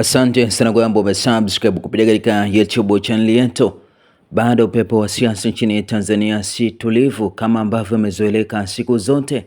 Asante sana ambao umesubscribe kupitia katika YouTube channel yetu. Bado upepo wa siasa nchini Tanzania si tulivu kama ambavyo amezoeleka siku zote,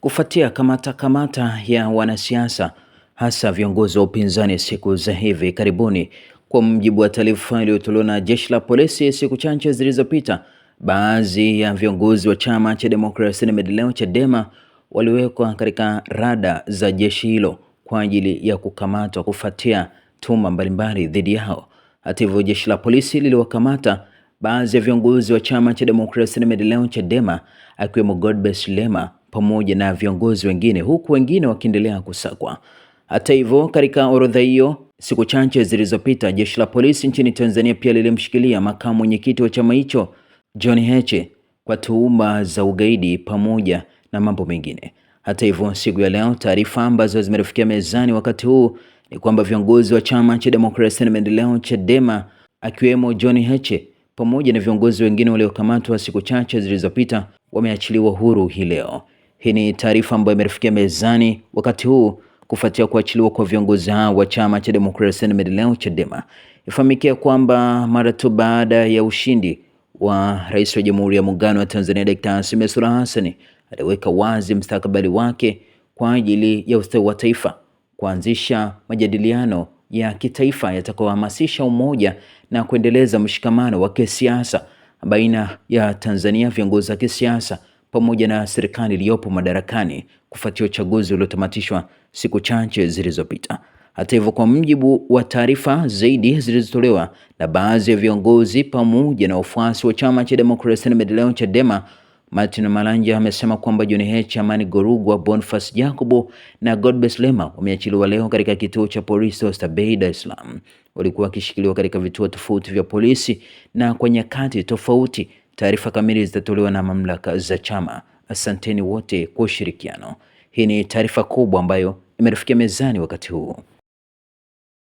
kufuatia kamata kamata ya wanasiasa hasa viongozi wa upinzani siku za hivi karibuni. Kwa mjibu wa taarifa iliyotolewa na jeshi la polisi siku chache zilizopita, baadhi ya viongozi wa chama cha demokrasia na maendeleo, Chadema, waliwekwa katika rada za jeshi hilo kwa ajili ya kukamatwa kufuatia tuma mbalimbali dhidi yao. Hata hivyo, jeshi la polisi liliwakamata baadhi ya viongozi wa chama cha demokrasia na maendeleo Chadema, akiwemo Godbless Lema pamoja na viongozi wengine, huku wengine wakiendelea kusakwa. Hata hivyo, katika orodha hiyo, siku chache zilizopita, jeshi la polisi nchini Tanzania pia lilimshikilia makamu mwenyekiti wa chama hicho John Heche kwa tuhuma za ugaidi pamoja na mambo mengine. Hata hivyo, siku ya leo taarifa ambazo zimerufikia mezani wakati huu ni kwamba viongozi wa chama cha demokrasia na maendeleo Chadema akiwemo John Heche pamoja na viongozi wengine waliokamatwa siku chache zilizopita wameachiliwa huru hii leo. Hii ni taarifa ambayo imetufikia mezani wakati huu kufuatia kuachiliwa kwa viongozi hao wa chama cha demokrasia na maendeleo Chadema. Ifahamike kwamba mara tu baada ya ushindi wa Rais wa Jamhuri ya Muungano wa Tanzania Dkt. Samia Suluhu Hassan aliweka wazi mstakabali wake kwa ajili ya ustawi wa taifa, kuanzisha majadiliano ya kitaifa yatakayohamasisha umoja na kuendeleza mshikamano wa kisiasa baina ya Tanzania, viongozi wa kisiasa pamoja na serikali iliyopo madarakani kufuatia uchaguzi uliotamatishwa siku chache zilizopita. Hata hivyo, kwa mjibu wa taarifa zaidi zilizotolewa na baadhi ya viongozi pamoja na wafuasi wa chama cha demokrasia na maendeleo, Chadema, Martin Malanja amesema kwamba John H. Amani Gorugwa, Boniface Jacobo na Godbless Lema wameachiliwa leo katika kituo cha polisi Oysterbay, Dar es Salaam. Walikuwa wakishikiliwa katika vituo tofauti vya polisi na kwa nyakati tofauti. Taarifa kamili zitatolewa na mamlaka za chama. Asanteni wote kwa ushirikiano. Hii ni taarifa kubwa ambayo imetufikia mezani wakati huu.